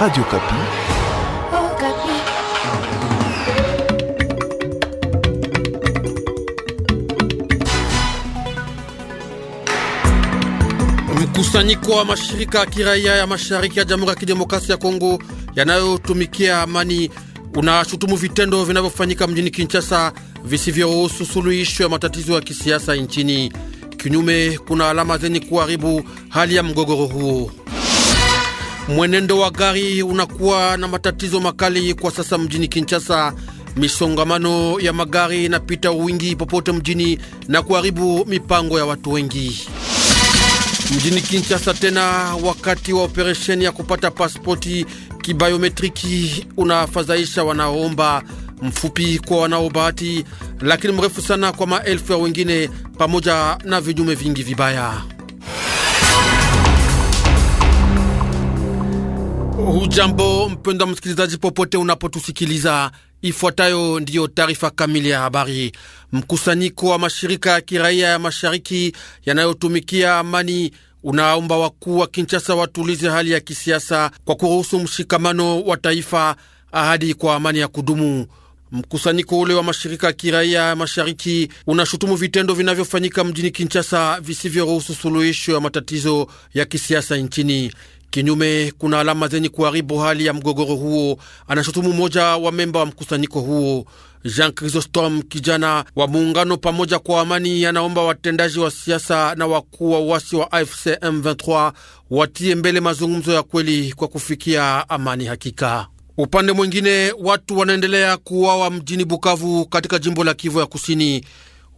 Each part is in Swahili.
Radio Kapi. Oh, Kapi. Mkusanyiko wa mashirika ya kiraia ya mashariki ya Jamhuri ya Kidemokrasia ya Kongo yanayotumikia amani unashutumu vitendo vinavyofanyika mjini Kinshasa visivyohusu suluhisho ya matatizo ya kisiasa nchini. Kinyume, kuna alama zenye kuharibu hali ya mgogoro huo. Mwenendo wa gari unakuwa na matatizo makali kwa sasa mjini Kinshasa. Misongamano ya magari inapita wingi popote mjini na kuharibu mipango ya watu wengi mjini Kinshasa. Tena wakati wa operesheni ya kupata pasipoti kibayometriki unafadhaisha wanaoomba, mfupi kwa wanaobahati, lakini mrefu sana kwa maelfu ya wengine, pamoja na vinyume vingi vibaya. Hujambo mpendwa msikilizaji, popote unapotusikiliza, ifuatayo ndiyo taarifa kamili ya habari. Mkusanyiko wa mashirika ya kiraia ya mashariki yanayotumikia amani unaomba wakuu wa Kinshasa watulize hali ya kisiasa kwa kuruhusu mshikamano wa taifa, ahadi kwa amani ya kudumu. Mkusanyiko ule wa mashirika ya kiraia ya mashariki unashutumu vitendo vinavyofanyika mjini Kinshasa visivyoruhusu suluhisho ya matatizo ya kisiasa nchini. Kinyume, kuna alama zenye kuharibu hali ya mgogoro huo, anashutumu mmoja wa memba wa mkusanyiko huo Jean Chrysostom, kijana wa muungano pamoja kwa amani. Anaomba watendaji wa siasa na wakuu wa uasi wa AFC M23 watie mbele mazungumzo ya kweli kwa kufikia amani hakika. Upande mwingine, watu wanaendelea kuwawa mjini Bukavu katika jimbo la Kivu ya Kusini.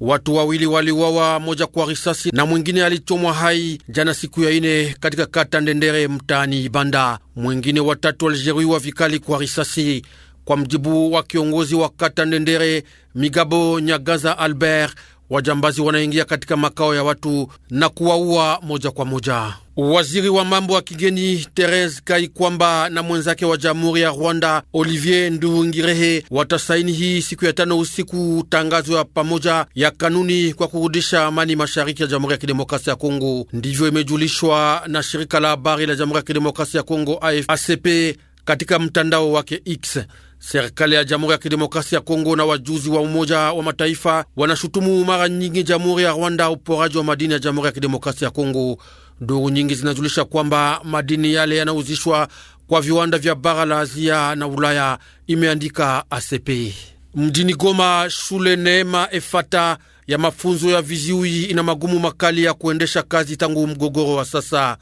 Watu wawili waliuawa, moja kwa risasi na mwingine alichomwa hai jana siku ya ine katika kata Ndendere mtaani Ibanda. Mwingine watatu alijeruhiwa vikali kwa risasi, kwa mjibu wa kiongozi wa kata Ndendere Migabo Nyagaza Albert wajambazi wanaingia katika makao ya watu na kuwaua moja kwa moja. Waziri wa mambo ya kigeni Therese Kaikwamba na mwenzake wa Jamhuri ya Rwanda Olivier Nduhungirehe watasaini hii siku ya tano usiku tangazo ya pamoja ya kanuni kwa kurudisha amani mashariki ya Jamhuri ya Kidemokrasia ya Kongo. Ndivyo imejulishwa na shirika la habari la Jamhuri ya Kidemokrasia ya Kongo AFP katika mtandao wake X. Serikali ya Jamhuri ya Kidemokrasia ya Kongo na wajuzi wa Umoja wa Mataifa wanashutumu mara nyingi Jamhuri ya Rwanda uporaji wa madini ya Jamhuri ya Kidemokrasia ya Kongo. Duru nyingi zinajulisha kwamba madini yale yanauzishwa kwa viwanda vya bara la Asia na Ulaya, imeandika ACP. Mjini Goma, shule Neema Efata ya mafunzo ya viziwi ina magumu makali ya kuendesha kazi tangu mgogoro wa sasa.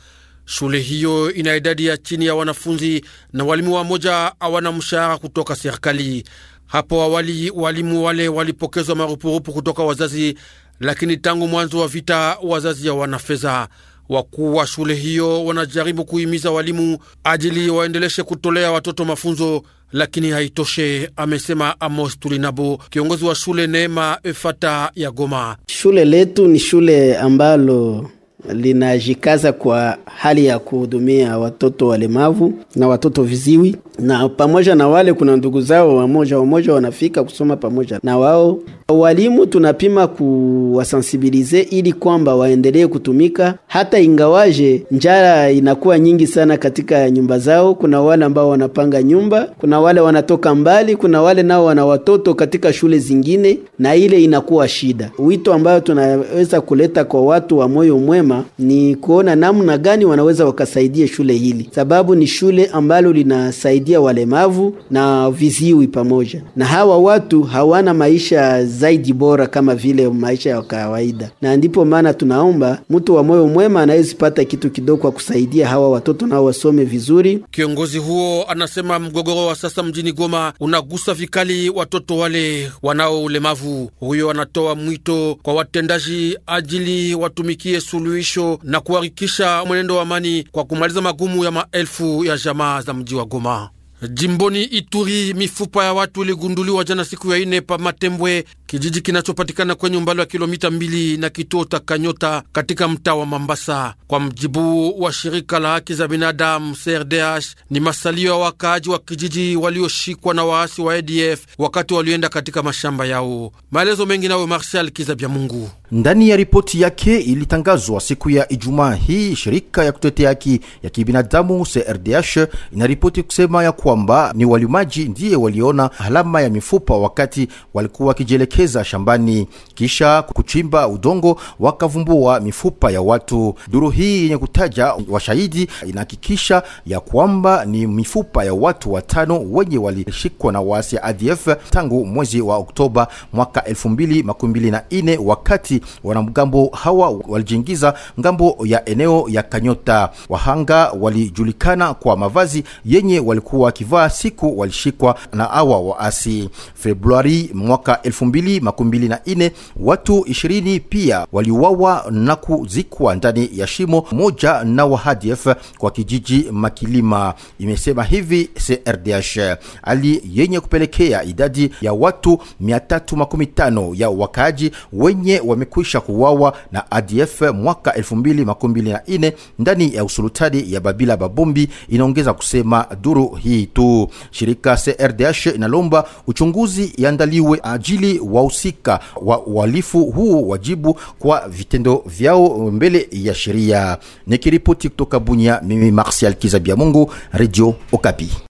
Shule hiyo ina idadi ya chini ya wanafunzi na walimu wa moja hawana mshahara kutoka serikali. Hapo awali walimu wale walipokezwa marupurupu kutoka wazazi, lakini tangu mwanzo wa vita wazazi hawana fedha. Wakuu wa shule hiyo wanajaribu kuhimiza walimu ajili waendeleshe kutolea watoto mafunzo, lakini haitoshe, amesema Amos Tulinabo, kiongozi wa shule Neema Efata ya Goma. Shule letu ni shule ambalo linajikaza kwa hali ya kuhudumia watoto walemavu na watoto viziwi, na pamoja na wale kuna ndugu zao wamoja wamoja wanafika kusoma pamoja na wao Walimu tunapima kuwasensibilize ili kwamba waendelee kutumika, hata ingawaje njara inakuwa nyingi sana katika nyumba zao. Kuna wale ambao wanapanga nyumba, kuna wale wanatoka mbali, kuna wale nao wana watoto katika shule zingine, na ile inakuwa shida. Wito ambayo tunaweza kuleta kwa watu wa moyo mwema ni kuona namna gani wanaweza wakasaidia shule hili, sababu ni shule ambalo linasaidia walemavu na viziwi pamoja, na hawa watu hawana maisha zaidi bora kama vile maisha ya kawaida, na ndipo maana tunaomba mtu wa moyo mwema anayezipata kitu kidogo kwa kusaidia hawa watoto nao wasome vizuri. Kiongozi huo anasema mgogoro wa sasa mjini Goma unagusa vikali watoto wale wanao ulemavu. Huyo anatoa mwito kwa watendaji ajili watumikie suluhisho na kuharikisha mwenendo wa amani kwa kumaliza magumu ya maelfu ya jamaa za mji wa Goma. Jimboni Ituri, mifupa ya watu iligunduliwa jana siku ya ine pa Matembwe, kijiji kinachopatikana kwenye umbali wa kilomita mbili na kituo cha Kanyota katika mtaa wa Mambasa. Kwa mjibu wa shirika la haki za binadamu CRDH, ni masalio ya wakaaji wa kijiji walioshikwa na waasi wa ADF wakati walioenda katika mashamba yao. Maelezo mengi nawe Marshal Kizabya Mungu. Ndani ya ripoti yake ilitangazwa siku ya Ijumaa hii, shirika ya kutetea haki ya kibinadamu CRDH inaripoti kusema ya kwa kwamba ni walimaji ndiye waliona alama ya mifupa wakati walikuwa wakijielekeza shambani, kisha kuchimba udongo wakavumbua mifupa ya watu. Duru hii yenye kutaja washahidi inahakikisha ya kwamba ni mifupa ya watu watano wenye walishikwa na waasi ADF tangu mwezi wa Oktoba mwaka elfu mbili makumi mbili na ine wakati wanamgambo hawa walijiingiza ngambo ya eneo ya Kanyota. Wahanga walijulikana kwa mavazi yenye walikuwa wakivaa siku walishikwa na awa waasi. Februari mwaka elfu mbili makumi mbili na ine watu ishirini pia waliuawa na kuzikwa ndani ya shimo moja na wahadf kwa kijiji Makilima, imesema hivi CRDH, hali yenye kupelekea idadi ya watu mia tatu makumi tano ya wakaaji wenye wamekwisha kuuawa na ADF mwaka elfu mbili makumi mbili na ine ndani ya usultani ya Babila Babombi, inaongeza kusema duru hii. Plateau. Shirika CRDH inalomba uchunguzi yandaliwe ajili wahusika wa uhalifu huu wajibu kwa vitendo vyao mbele ya sheria. Nikiripoti kutoka Bunia, mimi Martial mungu Radio Okapi.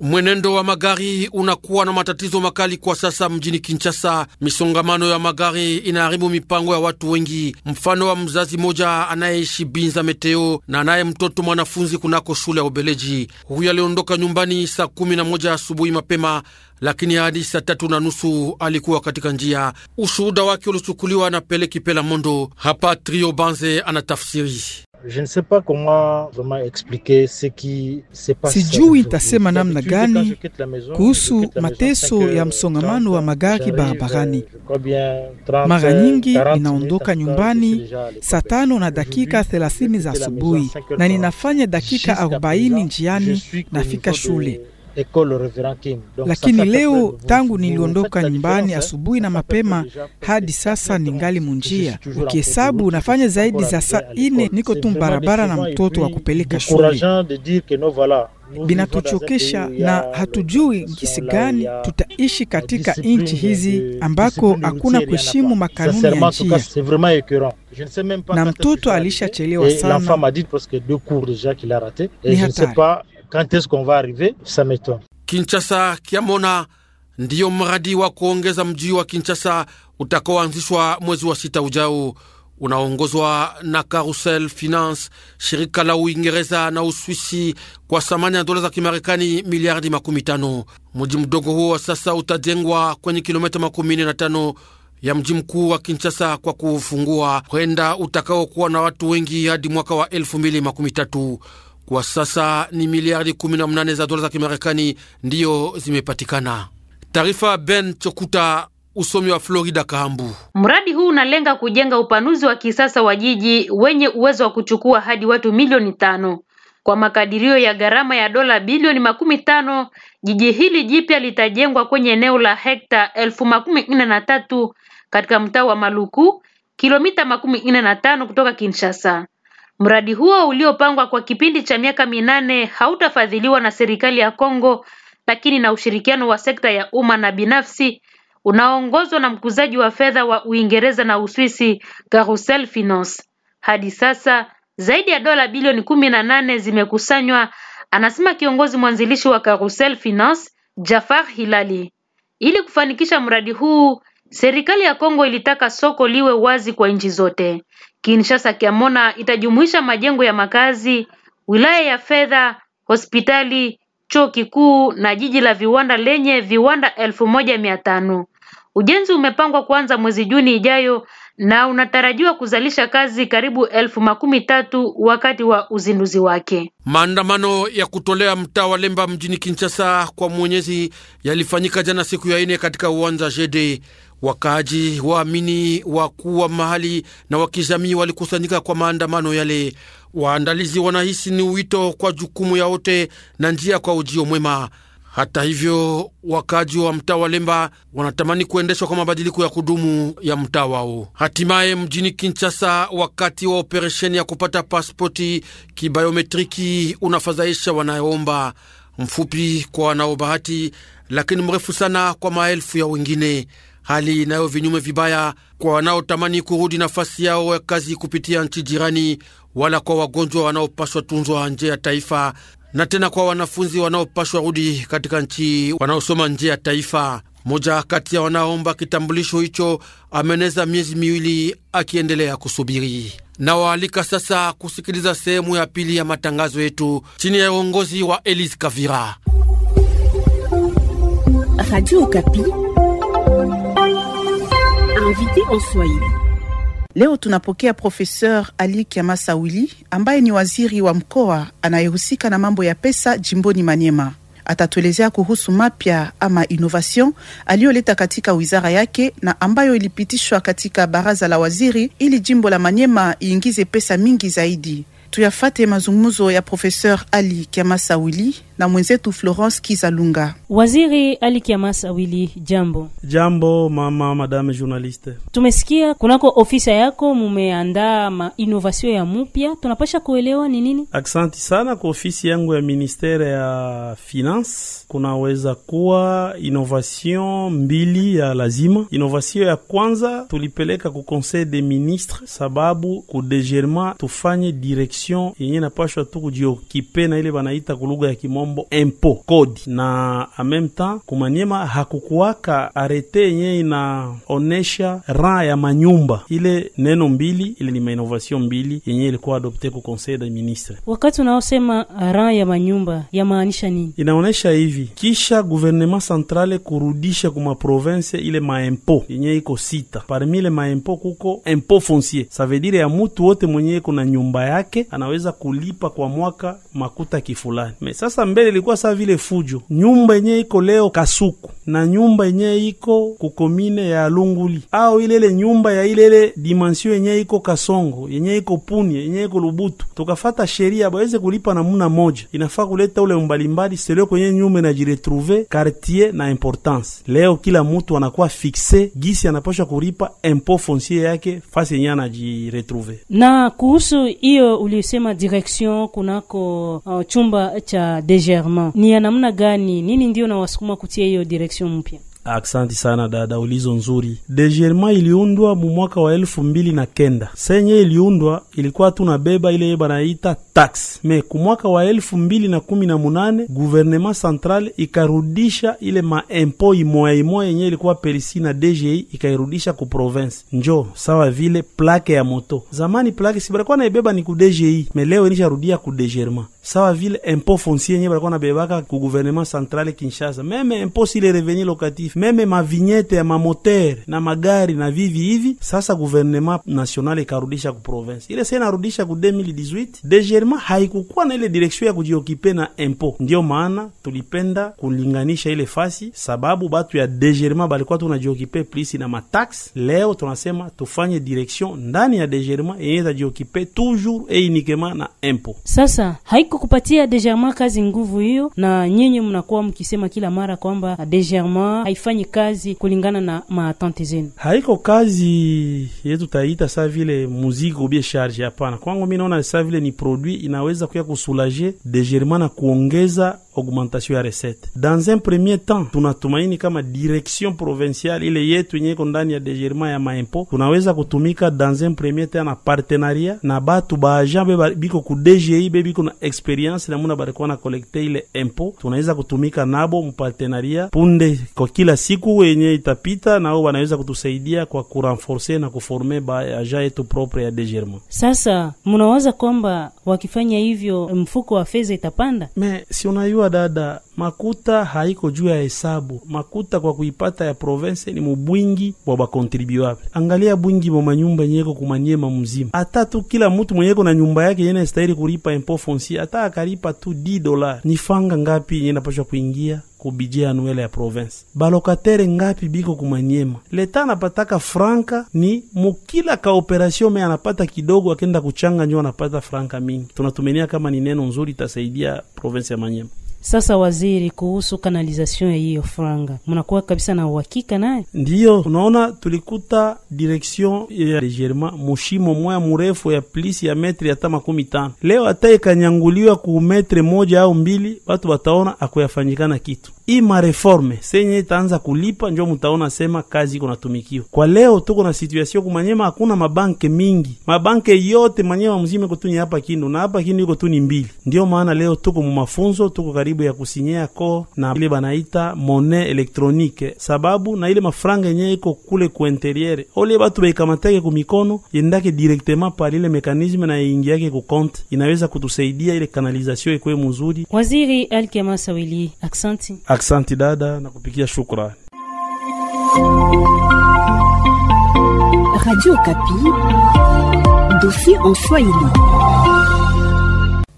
Mwenendo wa magari unakuwa na matatizo makali kwa sasa mjini Kinshasa. Misongamano ya magari inaharibu mipango ya watu wengi, mfano wa mzazi moja anayeishi Binza Meteo na anaye mtoto mwanafunzi kunako shule ya Ubeleji. Huyu aliondoka nyumbani saa kumi na moja asubuhi mapema, lakini hadi saa tatu na nusu alikuwa katika njia. Ushuhuda wake ulichukuliwa na Pele Kipela Mondo. Hapa Trio Banze anatafsiri Je ne sais pas comment vraiment expliquer ce qui se passe. Sijui itasema namna gani kuhusu mateso ya msongamano wa magari barabarani. Euh, Mara nyingi ninaondoka nyumbani saa tano na dakika thelathini za asubuhi na ninafanya dakika arobaini njiani nafika shule lakini leo tangu niliondoka nyumbani asubuhi na mapema hadi sasa ningali munjia, ukihesabu unafanya zaidi za saa ine, niko tu barabara na mtoto wa kupeleka shule. Binatuchokesha na hatujui gisi gani tutaishi katika nchi hizi ambako hakuna kuheshimu makanuni ya njia, na mtoto alishachelewa sana. Ni hatari. Quand est-ce qu'on va arriver? Ça m'étonne. Kinshasa Kiamona ndiyo mradi wa kuongeza mji wa Kinshasa utakaoanzishwa mwezi wa sita ujao. Unaongozwa na Carousel Finance, shirika la Uingereza na Uswisi kwa thamani ya dola za Kimarekani miliardi makumi tano. Mji mdogo huo sasa utajengwa kwenye kilomita makumi nne na tano ya mji mkuu wa Kinshasa kwa kuufungua kwenda utakaokuwa na watu wengi hadi mwaka wa elfu mbili makumi tatu. Kwa sasa ni miliardi 18 za dola za Kimarekani ndiyo zimepatikana. Taarifa Ben Chokuta. Usomi wa Florida Kahambu. Mradi huu unalenga kujenga upanuzi wa kisasa wa jiji wenye uwezo wa kuchukua hadi watu milioni tano kwa makadirio ya gharama ya dola bilioni makumi tano. Jiji hili jipya litajengwa kwenye eneo la hekta elfu makumi nne na tatu katika mtaa wa Maluku, kilomita makumi nne na tano kutoka Kinshasa. Mradi huo uliopangwa kwa kipindi cha miaka minane hautafadhiliwa na serikali ya Kongo lakini na ushirikiano wa sekta ya umma na binafsi unaoongozwa na mkuzaji wa fedha wa Uingereza na Uswisi Carousel Finance. Hadi sasa zaidi ya dola bilioni kumi na nane zimekusanywa, anasema kiongozi mwanzilishi wa Carrousel Finance Jafar Hilali. Ili kufanikisha mradi huu Serikali ya Kongo ilitaka soko liwe wazi kwa nchi zote. Kinshasa Kiamona itajumuisha majengo ya makazi, wilaya ya fedha, hospitali, chuo kikuu na jiji la viwanda lenye viwanda elfu moja mia tano. Ujenzi umepangwa kuanza mwezi Juni ijayo na unatarajiwa kuzalisha kazi karibu elfu makumi tatu wakati wa uzinduzi wake. Maandamano ya kutolea mtaa wa Lemba mjini Kinshasa kwa mwenyezi yalifanyika jana siku ya ine katika uwanja Jede. Wakaaji waamini wakuu wa mahali na wakijamii walikusanyika kwa maandamano yale. Waandalizi wanahisi ni wito kwa jukumu ya wote na njia kwa ujio mwema. Hata hivyo, wakaji wa mtaa wa Lemba wanatamani kuendeshwa kwa mabadiliko ya kudumu ya mtaa wao. Hatimaye mjini Kinshasa, wakati wa operesheni ya kupata pasipoti kibayometriki unafadhaisha wanayoomba mfupi kwa wanaobahati, lakini mrefu sana kwa maelfu ya wengine, hali inayo vinyume vibaya kwa wanaotamani kurudi nafasi yao ya kazi kupitia nchi jirani, wala kwa wagonjwa wanaopaswa tunzwa nje ya taifa na tena kwa wanafunzi wanaopashwa rudi katika nchi wanaosoma nje ya taifa. Moja kati ya wanaomba kitambulisho hicho ameneza miezi miwili akiendelea kusubiri. Nawaalika sasa kusikiliza sehemu ya pili ya matangazo yetu chini ya uongozi wa Elise Kavira. Radio Okapi, invité en Swahili. Leo tunapokea Profeseur Ali Kiamasawili ambaye ni waziri wa mkoa anayehusika na mambo ya pesa jimboni Manyema. Atatuelezea kuhusu mapya ama innovation aliyoleta katika wizara yake na ambayo ilipitishwa katika baraza la waziri ili jimbo la Manyema iingize pesa mingi zaidi. Tuyafate mazungumzo ya Profeseur Ali Kiamasawili na mwenzetu Florence Kizalunga. Waziri Ali Awili, jambo. Jambo mama madame journaliste. Tumesikia kunako ofisa yako mumeandaa mainovasio ya mupya, tunapasha kuelewa ni nini? Aksanti sana kwa ofisi yangu ya ministere ya finance, kunaweza kuwa innovation mbili ya lazima. Innovation ya kwanza tulipeleka ku conseil des ministres, sababu ku degerma tufanye direction yenye napashwa tu kujiokipe na ile banaita kulugha ya kimomo mambo impo kodi, na en temps kumanyema hakukuwaka arete yenye inaonesha ran ya manyumba. Ile neno mbili ile ni mainovation mbili yenye ilikuwa adopte ku conseil de ministre Wakati unaosema ra ya manyumba yamaanisha nini? Inaonesha hivi kisha gouvernement centrale kurudisha kuma province ile maimpo yenye iko sita, parmi ile maimpo kuko impo foncier, ça veut dire ya mutu wote mwenye iko na nyumba yake anaweza kulipa kwa mwaka makuta kifulani. Me sasa mbele ilikuwa saa vile fujo. Nyumba yenye iko leo Kasuku na nyumba yenye iko kukomine ya Lunguli au ilele nyumba ya ilele dimension yenye iko Kasongo, yenye iko Puni, yenye iko Lubutu, tukafata sheria baweze kulipa namuna moja, inafaa kuleta ule mbalimbali selo kwenye nyumba na jiretrouve quartier na importance. Leo kila mutu anakuwa fixe gisi anapashwa kulipa impo foncier yake fasi yenye anajiretruve Na kuhusu hiyo uliosema direction kunako uh, chumba cha DG Germain, ni ya namna gani? Nini ndio nawasukuma kutia hiyo direction mpya? Aksanti sana dada, ulizo nzuri. Degerma iliundwa mu mwaka wa elfu mbili na kenda senye iliundwa ilikuwa tunabeba ile banaita tax me. ku mwaka wa elfu mbili na kumi na munane guvernema central ikarudisha ile maimpo imoya imoya yenye ilikuwa perisi na DGI ikairudisha ku province, njo sawa vile plake ya moto. Zamani plake na naibeba ni ku DGI me, leo inisharudia ku Degerma sawa vile impo foncier yenyewe balikuwa nabebaka ku gouvernement centrale Kinshasa, meme impo sile le revenu locatif, meme mavinyete ya mamotere na magari na vivi hivi. Sasa gouvernement national ikarudisha ku province ile, sasa narudisha ku 2018 degerema, haikukuwa na ile direction ya kujiokipe na impo. Ndio maana tulipenda kulinganisha ile fasi, sababu batu ya degerema balikuwa tunajiokipe plisi na matax. Leo tunasema tufanye direction ndani ya degerema yenye tajiokipe toujours et uniquement na impo. Sasa haiku kukupatia kupatia Degerma kazi nguvu hiyo, na nyinyi mnakuwa mkisema kila mara kwamba Degerma haifanyi kazi kulingana na maatante zenu. Haiko kazi yetu taita sa vile muziki ubie charge, hapana. Kwangu mimi naona sa vile ni produit inaweza kuya kusulaje Degerma na kuongeza augmentation ya recette. Dans un premier temps, tunatumaini kama direction provinciale ile yetu yenye iko ndani ya Degerma ya maimpo tunaweza kutumika dans un premier temps na partenariat na batu baagent biko ku DGI bebiko na experience namuna balikuwa na kolekte ile impo, tunaweza kutumika nabo mpartenaria punde kwa kila siku wenye itapita, nao wanaweza kutusaidia kwa kurenforce na kuforme aja yetu propre ya degerement. Sasa mnawaza kwamba wakifanya hivyo mfuko wa fedha itapanda? Me si unayua dada makuta haiko juu ya hesabu. Makuta kwa kuipata ya province ni mubwingi bwa bakontribuable. Angalia bwingi bwa manyumba nyeko kumanyema mzima, hata tu kila mutu mwenyeko na nyumba yake yene stahili kulipa impôt foncier, hata akalipa tu 10 dollars, ni fanga ngapi yenye napashwa kuingia kubije anuele ya province balokatere ngapi biko kumanyema. Leta anapataka franka ni mukila ka operation me anapata kidogo, akenda kuchanga njo anapata franka mingi. Tunatumenia kama ni neno nzuri, itasaidia province ya Manyema. Sasa waziri, kuhusu kanalizasyon ya hiyo franga, mnakuwa kabisa na uhakika naye? Ndiyo, unaona tulikuta direksion ya legerema mushimo moya murefu ya plisi ya metri hata makumi tano leo hata ikanyanguliwa ku metre moja au mbili, watu wataona akuyafanyikana kitu. Hii mareforme senye itaanza kulipa, njo mutaona sema kazi iko natumikiwa. Kwa leo tuko na situasio kumanyema, hakuna mabanke mingi, mabanke yote manyema mzima iko tuni hapa Kindu na hapa Kindu iko tuni mbili. Ndiyo maana leo tuko mumafunzo, tuko karibu taratibu ya ko na ile banaita monnaie electronique sababu na ile mafranga yenye iko kule ku interiere olie batu ku mikono yendake directement par ile mekanisme na ingiake ku compte, inaweza kutusaidia ile canalisation ikuwe muzuri. Waziri Alkema Sawili, aksanti. Aksanti dada, na kupikia shukrani. Radio Kapi, dossier en Swahili.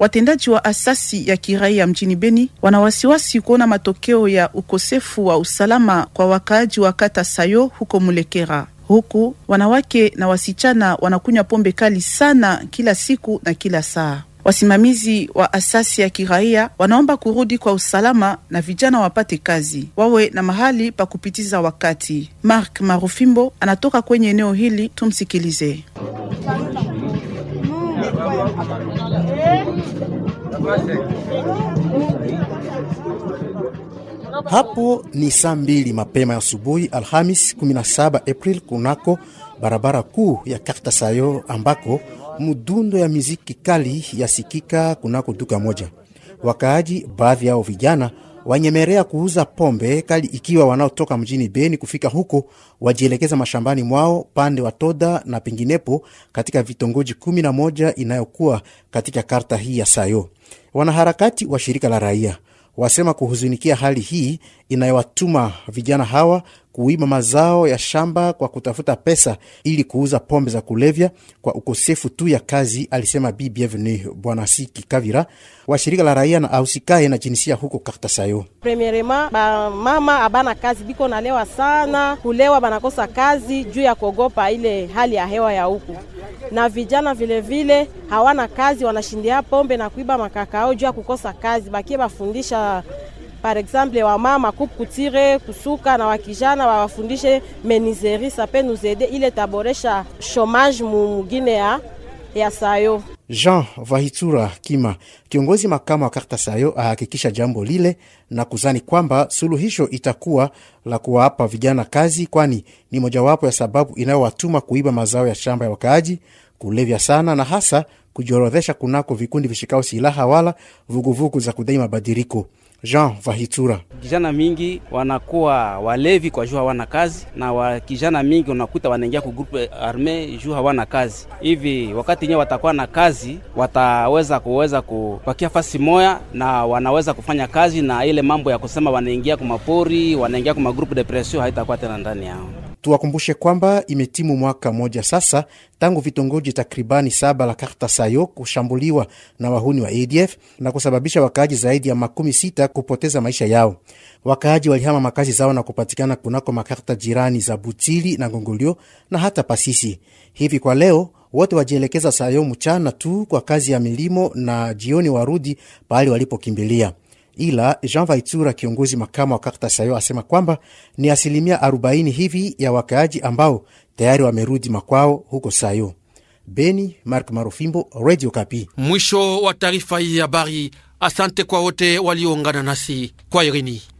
Watendaji wa asasi ya kiraia mjini Beni wana wasiwasi kuona matokeo ya ukosefu wa usalama kwa wakaaji wa kata Sayo huko Mulekera huku wanawake na wasichana wanakunywa pombe kali sana kila siku na kila saa. Wasimamizi wa asasi ya kiraia wanaomba kurudi kwa usalama na vijana wapate kazi, wawe na mahali pa kupitiza wakati. Mark Marufimbo anatoka kwenye eneo hili, tumsikilize. Hapo ni saa mbili mapema ya asubuhi Alhamis 17 April kunako barabara kuu ya sayo ambako mudundo ya miziki kali yasikika kunako duka moja. Wakaaji baadhi yao vijana wanyemerea kuuza pombe kali, ikiwa wanaotoka mjini Beni kufika huko wajielekeza mashambani mwao pande wa Toda na penginepo katika vitongoji kumi na moja inayokuwa katika karta hii ya Sayo. Wanaharakati wa shirika la raia wasema kuhuzunikia hali hii inayowatuma vijana hawa kuiba mazao ya shamba kwa kutafuta pesa ili kuuza pombe za kulevya kwa ukosefu tu ya kazi, alisema Bi Bienvenue Bwana Siki Kavira wa shirika la raia na ausikae na jinsia huko Kartasayo. Premierema, ba mama abana kazi biko nalewa sana kulewa, banakosa kazi juu ya kuogopa ile hali ya hewa ya huku, na vijana vilevile vile, hawana kazi wanashindia pombe na kuiba makakao juu ya kukosa kazi, bakie bafundisha par exemple wamama coupe kutire kusuka na wakijana wawafundishe menizeri sape nuzede ile taboresha shomage mumugine ya, ya sayo. Jean Vahitura Kima, kiongozi makamu wa Karta Sayo, ahakikisha jambo lile na kuzani kwamba suluhisho itakuwa la kuwapa vijana kazi, kwani ni mojawapo ya sababu inayowatuma kuiba mazao ya shamba ya wakaaji, kulevya sana na hasa kujiorodhesha kunako vikundi vishikao silaha wala vuguvugu za kudai mabadiliko. Jean Vahitura, kijana mingi wanakuwa walevi kwa juu hawana kazi, na wakijana mingi unakuta wanaingia ku grupe arme juu hawana kazi hivi. Wakati nyewe watakuwa na kazi, wataweza kuweza kupakia fasi moya na wanaweza kufanya kazi, na ile mambo ya kusema wanaingia kumapori, wanaingia kuma grupe depression haitakuwa tena ndani yao. Tuwakumbushe kwamba imetimu mwaka moja sasa tangu vitongoji takribani saba la Karta Sayo kushambuliwa na wahuni wa ADF na kusababisha wakaaji zaidi ya makumi sita kupoteza maisha yao. Wakaaji walihama makazi zao na kupatikana kunako makarta jirani za Butili na Ngongolio na hata Pasisi. Hivi kwa leo wote wajielekeza Sayo mchana tu kwa kazi ya milimo na jioni warudi pahali walipokimbilia ila Jean Vaitura, kiongozi makamu wa karta sayo, asema kwamba ni asilimia 40 hivi ya wakaaji ambao tayari wamerudi makwao huko Sayo. Beni, Mark Marofimbo, Radio Kapi. Mwisho wa taarifa hii habari. Asante kwa wote walioungana nasi kwa irini.